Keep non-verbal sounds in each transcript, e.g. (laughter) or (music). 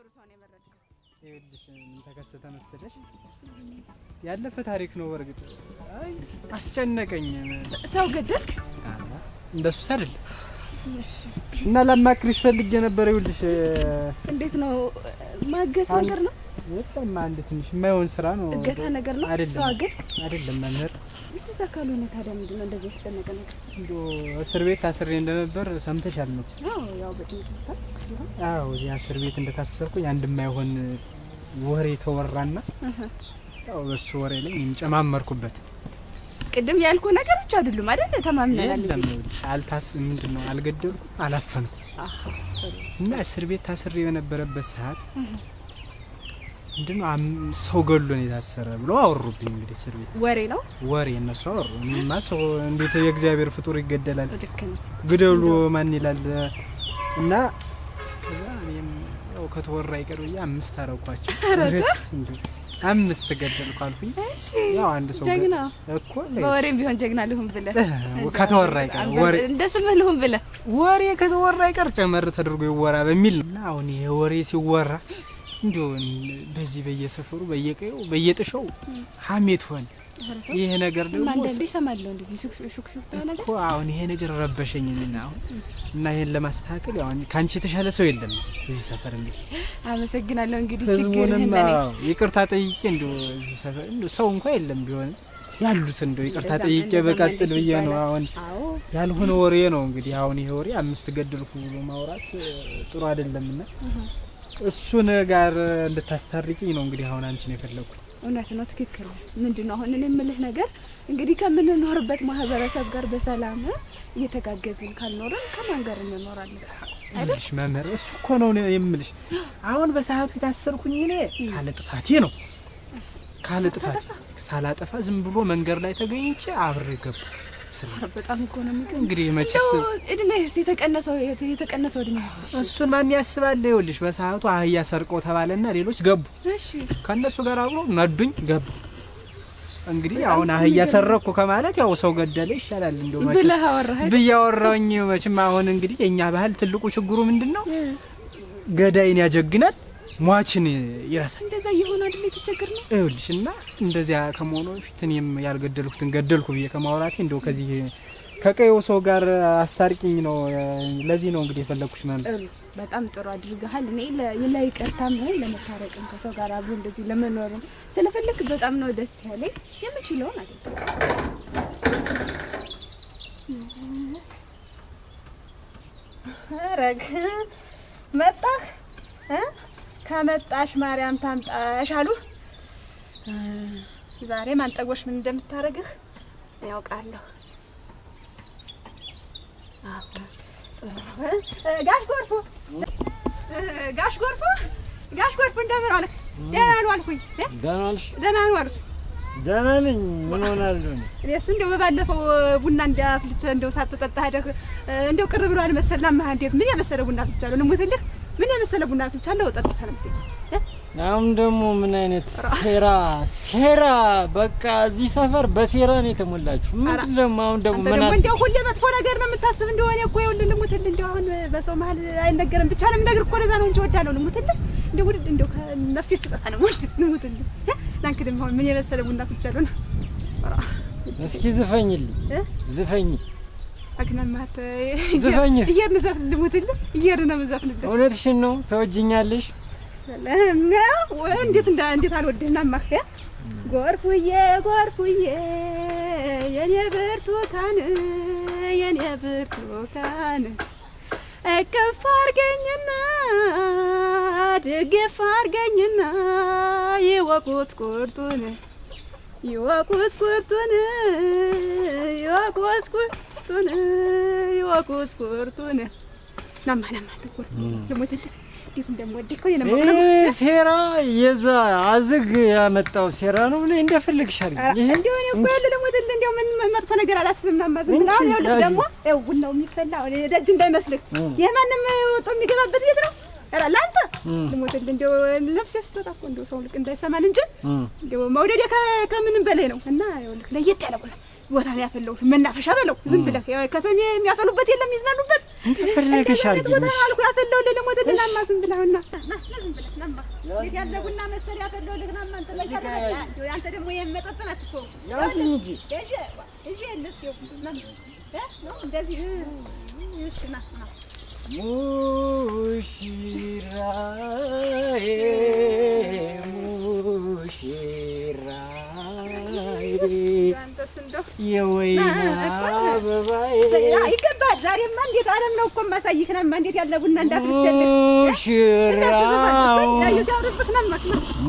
ጥሩ ሰው ነው የመረጥከው። ይኸውልሽ ምን ተከሰተ መሰለሽ፣ ያለፈ ታሪክ ነው። በእርግጥ አይ አስጨነቀኝ። ሰው ገደልክ? እንደሱ አይደል እና ላማክርሽ ፈልጌ ነበር። ይኸውልሽ እንዴት ነው ማገት ነገር ነው? በጣም አንድ ትንሽ የማይሆን ስራ ነው። እገታ ነገር ነው። ሰው አገት አይደለም መምህር እንደዛ ካልሆነ ታዲያ ምንድን ነው እንደዚህ ያስጨነቀ ነገር? እንደው እስር ቤት ታስሬ እንደነበር ሰምተሻል ነው? ያው አዎ፣ እዚህ እስር ቤት እንደታሰርኩኝ አንድ የማይሆን ወሬ ተወራና ያው በሱ ወሬ ላይ ጨማመርኩበት። ቅድም ያልኩ ነገሮች አይደሉም አይደል? ተማምነናል። አልታስ ምንድን ነው አልገደልኩም፣ አላፈንኩም እና እስር ቤት ታስሬ በነበረበት ሰዓት ምንድን ነው ሰው ገሎን የታሰረ ብሎ አወሩብኝ። እንግዲህ እስር ቤት ወሬ ነው ወሬ እነሱ አወሩ። እኔማ ሰው እንዴት የእግዚአብሔር ፍጡር ይገደላል? ግደሉ ማን ይላል? እና ከዛ እኔም ያው ከተወራ ይቀር ብዬ አምስት አረኳቸው። (laughs) አምስት ገደልኩ አልኩኝ። ያው አንድ ሰው ጀግና እኮ በወሬም ቢሆን ጀግና ልሁን ብለህ ከተወራ ይቀር ወሬ እንደ ስምህ ልሁን ብለህ ወሬ ከተወራ ይቀር ጨመር ተደርጎ ይወራ በሚል ነው እና አሁን ይሄ ወሬ ሲወራ እንዲሁ በዚህ በየሰፈሩ በየቀዩ በየጥሻው ሀሜት ሆን ይሄ ነገር ደግሞ አንዳንዴ እሰማለሁ እንደዚህ ሹክሹክታ ነገር እኮ አሁን ይሄ ነገር ረበሸኝ እና አሁን እና ይሄን ለማስተካከል አሁን ከአንቺ የተሻለ ሰው የለም እዚህ ሰፈር። እንግዲህ አመሰግናለሁ። እንግዲህ ችግር ይቅርታ ጠይቄ እንዲሁ እዚህ ሰፈር እንዲሁ ሰው እንኳ የለም ቢሆን ያሉት እንደው ይቅርታ ጠይቄ በቀጥል ብዬ ነው። አሁን ያልሆነ ወሬ ነው እንግዲህ አሁን ይሄ ወሬ አምስት ገደልኩ ብሎ ማውራት ጥሩ አይደለምና እሱን ጋር እንድታስታርቂኝ ነው እንግዲህ አሁን አንቺን የፈለኩት። እውነት ነው፣ ትክክል ነው። ምንድን ነው አሁን እኔ የምልህ ነገር እንግዲህ ከምንኖርበት ማህበረሰብ ጋር በሰላም እየተጋገዝን ካልኖርን ከማን ጋር እንኖራለን? አይደልሽ መምህር፣ እሱ እኮ ነው የምልሽ። አሁን በሰዓቱ የታሰርኩኝ እኔ ካለ ጥፋቴ ነው ካለ ጥፋቴ ሳላጠፋ ዝም ብሎ መንገድ ላይ ተገኝቼ አብሬ ገባ በጣም እኮ ነው እንግዲህ እድሜህስ የተቀነሰው የተቀነሰው እድሜህስ እሱን ማን ያስባል? ይኸውልሽ በሰዓቱ አህያ ሰርቆ ተባለና ሌሎች ገቡ። እሺ ከእነሱ ጋር አብሮ ነዱኝ ገቡ። እንግዲህ አሁን አህያ ሰረኩ ከማለት ያው ሰው ገደለ ይሻላል። እንደው ብለህ ብዬ አወራሁኝ። አሁን እንግዲህ የእኛ ባህል ትልቁ ችግሩ ምንድን ነው? ገዳይን ያጀግናል ሟችን ይረሳል። እንደዛ እየሆነ አይደል የተቸገር ነው ይኸውልሽ። እና እንደዚያ ከመሆኑ በፊት እኔም ያልገደልኩትን ገደልኩ ብዬ ከማውራቴ እንደው ከዚህ ከቀየው ሰው ጋር አስታርቂኝ ነው። ለዚህ ነው እንግዲህ የፈለግኩሽ ማለት በጣም ጥሩ አድርገሃል። እኔ ለይቅርታም ሆነ ለመታረቅም ከሰው ጋር አብሮ እንደዚህ ለመኖርም ስለፈለግ በጣም ነው ደስ ያለኝ። የምችለውን አድርገ ረግ መጣህ ከመጣሽ ማርያም ታምጣሽ አሉ። ዛሬ ማንጠጎሽ ምን እንደምታረግህ ያውቃለሁ። ጋሽ ጎርፎ ጋሽ ጎርፎ ጋሽ ጎርፎ እንደምን ዋልክ? ደህና ነው አልኩኝ። ደህና ዋልሽ? ደህና ነው አልኩ። ደህና ነኝ። ምን ሆናለሁ? እኔስ እንደው በባለፈው ቡና እንዳፍልቼ እንደው ሳትጠጣ ሄደህ እንደው ቅር ብሏል መሰልና ማህ እንዴት ምን የመሰለ ቡና አፍልቻለሁ ልሙትልህ የመሰለ ቡና አፍልቻለሁ። ወጠጥ ሰለምት አሁን ደግሞ ምን አይነት ሴራ ሴራ! በቃ እዚህ ሰፈር በሴራ ነው የተሞላችሁ። ምንድን ደግሞ አሁን ደግሞ ምን አስ እንደው ሁሌ መጥፎ ነገር ነው የምታስብ እንደሆነ እኮ ይኸውልህ፣ ልሙትልህ። እንደው አሁን በሰው መሀል አይነገርም ብቻ ነው የምነግርህ እኮ ለዛ ነው እንጂ እወዳለሁ። ልሙትልህ፣ እንደው ውድ እንደው ነፍሴ ስትጠፋ ነው ወድ ልሙትልህ። ላንክድም አሁን ምን የመሰለ ቡና አፍልቻለሁ። እስኪ ዝፈኝልኝ፣ ዝፈኝ አግናማት ዘፈኝስ እየሄድን ዘፍንልሙትልህ እየሄድን ነው የምዘፍንልህ። እውነትሽን ነው ተወጅኛለሽ። እንዴት እንዳ እንዴት አልወድህና ማክያ ጎርፉዬ ጎርፉዬ የኔ ብርቱካን የኔ ብርቱካን እቅፍ አድርገኝና ድግፍ አድርገኝና ይወቁት ቁርጡን ይወቁት ቁርጡን ይወቁት ቁርጡን ቁርጡን ይወቁት ቁርጡን ናማ ናማ ትኩር ልሞትልህ እንዴት እንደምወደቀው ሴራ የዛ አዝግ ያመጣው ሴራ ነው ብለህ እንደፈለግሽ አድርጊ። እኮ ያለ ልሞትልህ እንደው ምን መጥፎ ነገር አላስብም። ናማ ዝም ብለህ አሁን ደግሞ እውን የሚፈላ ደጅ እንዳይመስልህ ይህ ማንም የሚገባበት ቤት ነው። ለአንተ ልሞትልህ እንደው ነፍሴ ስትወጣ እኮ እንደው ሰው ልክ እንዳይሰማን እንጂ እንደው መውደዴ ከምንም በላይ ነው እና ይኸውልህ ለየት ያለ ቁላ ቦታ ነው ያፈለሁት። መናፈሻ በለው ዝም ብለህ ከተሜ የሚያፈሉበት የለም ይዝናኑበት ፈለገሻ አልኩ ያፈለው ለለሞት ልናማ ዝም ብለህና ዝም ብለህ ናማ ሙሽራ የወይና አበባ ይገባል። ዛሬማ እንዴት አለም ነው እኮ የማሳይህ ነማ እንዴት ያለ ቡና እንዳትልቸልህ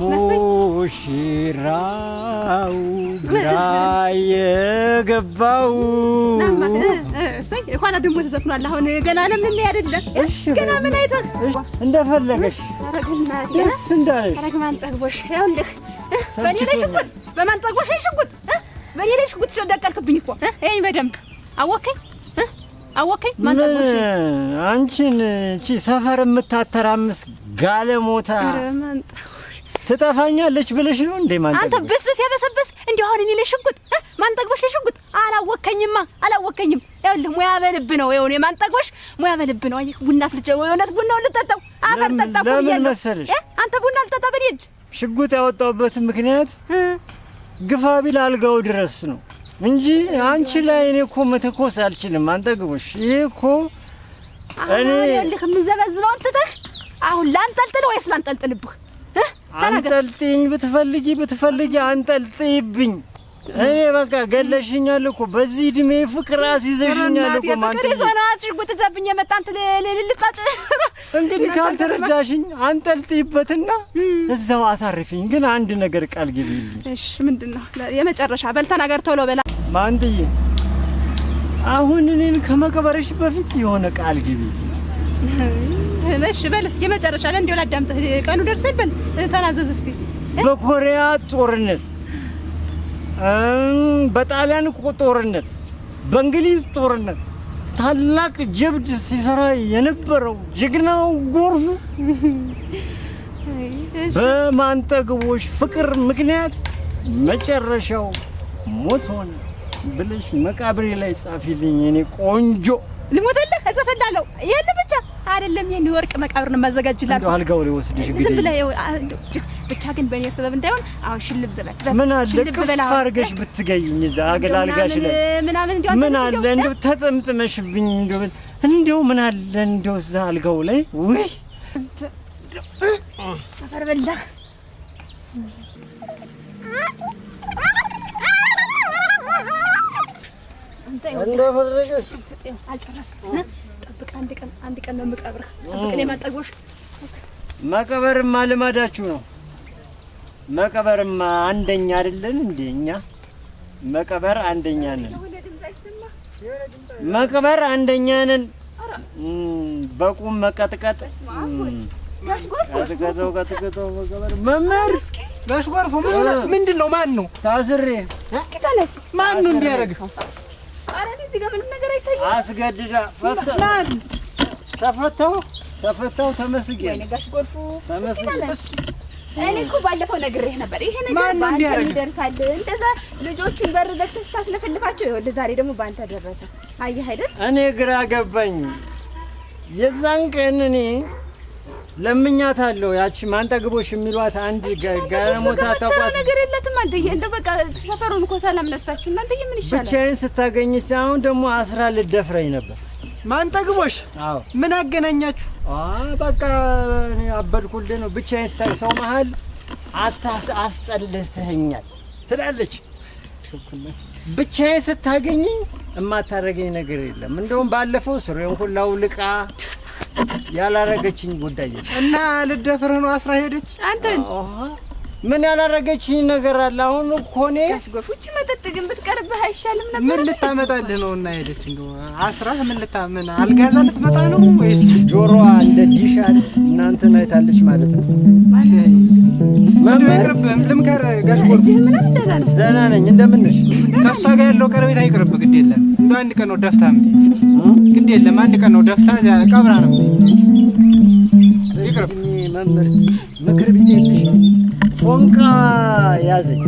ሙሽራው ግራ የገባው ኋላ ደግሞ ተዘፍኗል። አሁን ገና ለምን ያደለ ገና ምን አይተህ እንደፈለገሽ ደስ እንዳለሽ በማንጠግቦሽ ይሽጉጥ በእኔ ላይ ሽጉጥሽ እንዳቀልክብኝ እኮ ይሄኝ በደንብ አወከኝ አወከኝ። ማን አንቺን እቺ ሰፈር የምታተራምስ ጋለሞታ ትጠፋኛለች ብለሽ ነው እንዴ? ማን አንተ ብስብስ የበሰበስ እንዴ? አሁን እኔ ላይ ማን ማንጠግቦሽ ለሽጉጥ አላወከኝማ፣ አላወከኝም። ይኸውልህ ሙያ በልብ ነው የሆነ የማንጠግቦሽ ሙያ በልብ ነው። አየህ ቡና ፍልጨ የእውነት ቡናውን ልጠጣው አፈር ጠጣሁ። ለምን መሰለሽ አንተ ቡና ልጠጣ በኔ እጅ ሽጉጥ ያወጣሁበትን ምክንያት ግፋ ቢል አልጋው ድረስ ነው እንጂ አንቺ ላይ እኔ እኮ መተኮስ አልችልም። አንተ ግቦሽ ይሄ እኮ እኔ ልክ የምዘበዝበው ትተህ አሁን ላንጠልጥል ወይስ ላንጠልጥልብህ? አንጠልጥኝ ብትፈልጊ ብትፈልጊ አንጠልጥይብኝ እኔ በቃ ገለሽኛል እኮ በዚህ እድሜ ፍቅር አስይዘሽኛል እኮ ማለት ነው። ሆነ አጭሽ ጉትተብኝ የመጣን እንትን ልልጣጭ (laughs) እንግዲህ ካልተረዳሽኝ አንጠልጥይበትና እዛው አሳርፊኝ። ግን አንድ ነገር ቃል ግቢልኝ። እሺ፣ ምንድን ነው የመጨረሻ? በል ተናገር ቶሎ በላ። ማንትዬ፣ አሁን እኔን ከመቀበረሽ በፊት የሆነ ቃል ግቢ። እሺ፣ በል እስኪ የመጨረሻ ላይ እንዲሁ ላዳምጥ። ቀኑ ደርሷል። በል ተናዘዝ እስቲ በኮሪያ ጦርነት በጣሊያን ጦርነት፣ በእንግሊዝ ጦርነት ታላቅ ጀብድ ሲሰራ የነበረው ጀግናው ጎርፉ በማንጠግቦች ፍቅር ምክንያት መጨረሻው ሞት ሆነ ብለሽ መቃብሬ ላይ ጻፊልኝ የኔ ቆንጆ። ልሞተልህ እዘፈልላለሁ። ይሄን ብቻ አይደለም የኒውዮርክ መቃብርን ማዘጋጅላት ነው። አልጋው ላይ ወስድሽ ዝም ብለህ ብቻ ግን በእኔ ሰበብ እንዳይሆን። አሁን ሽልብ በላት ምን አለ ቅፍ አድርገሽ ብትገይኝ እዛ አልጋሽ ላይ ምናምን እንዲያው ምን አለ እንደው ተጠምጥመሽብኝ እንደው እንደው ምን አለ እንደው እዛ አልጋው ላይ ውይ ሰፈር በላ ቀን አንድ ቀን ነው መቀበርማ ልማዳችሁ ነው። መቀበርማ አንደኛ አይደለን እንደ እኛ መቀበር አንደኛ ነን። መቅበር አንደኛ ነን። በቁም መቀጥቀጥ ቀጥቀጠው ቀጥቀጠው መቀበር መምህር ጋሽ ጎርፉ ምንድን ነው? ማን ነው ታስሬ ማን ነው እንዲያደርግ አስገድዳ ተፈታሁ እኔ እኮ ባለፈው ነግሬህ ነበር። ይሄ ነገር ይደርሳል። እንደዛ ልጆቹን በር ዘግተህ ስታስለፈልፋቸው ይኸውልህ፣ ዛሬ ደግሞ በአንተ ደረሰ። አየህ አይደል? እኔ ግራ ገባኝ የዛን ቀን እኔ ለምኛት አለው ያቺ ማንጠግቦሽ የሚሏት አንድ ጋለሞታ ተቋት ነገር የለትም። አንተዬ እንደው በቃ ሰፈሩን እኮ ሰላም ነስታችሁ እናንተዬ ምን ይሻላል? ብቻዬን ስታገኝ አሁን ደግሞ አስራ ልደፍረኝ ነበር። ማንጠግቦሽ አዎ፣ ምን አገናኛችሁ? በቃ እኔ አበድኩልህ ነው። ብቻዬን ስታይ ሰው መሀል አታስ አስጠልተኸኛል ትላለች። ብቻዬን ስታገኝኝ የማታደርገኝ ነገር የለም። እንደውም ባለፈው ስሬውን ሁላው ልቃ ያላረገችኝ ጉዳይ እና ልደፍርህ ነው አስራ ሄደች አንተን ምን ያላረገችኝ ነገር አለ? አሁን ኮኔ ያስጎፉች መጠጥ ግን ብትቀርብህ አይሻልም ነበር? ምን ልታመጣልህ ነው? እና ሄደች እንደው አስራህ ምን ልታ አልጋዛ ልትመጣ ነው ወይስ ጆሮዋ እንደ ዲሻል እናንተ ናይታለች ማለት ነው? ይቅርብህም ልምከር ጋሽ ጎልፍ ደህና ነኝ። እንደምንሽ። ነሽ? ከእሷ ጋር ያለው ቀረቤት አይቅርብህ። ግድ የለም እንደ አንድ ቀን ነው ደፍታ ግድ የለም አንድ ቀን ነው ደፍታ ቀብራ ነው ይቅርብ መምህርት ምክር ቢጤልሽ ፎንካ ያዘኝ።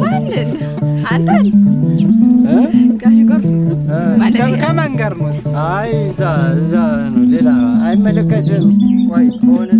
ማንን? አንተን ጋሽ ጎርፍ ከማን ጋር ነው? አይ እዛ እዛ ነው። ሌላ አይመለከትም። ቆይ ከሆነ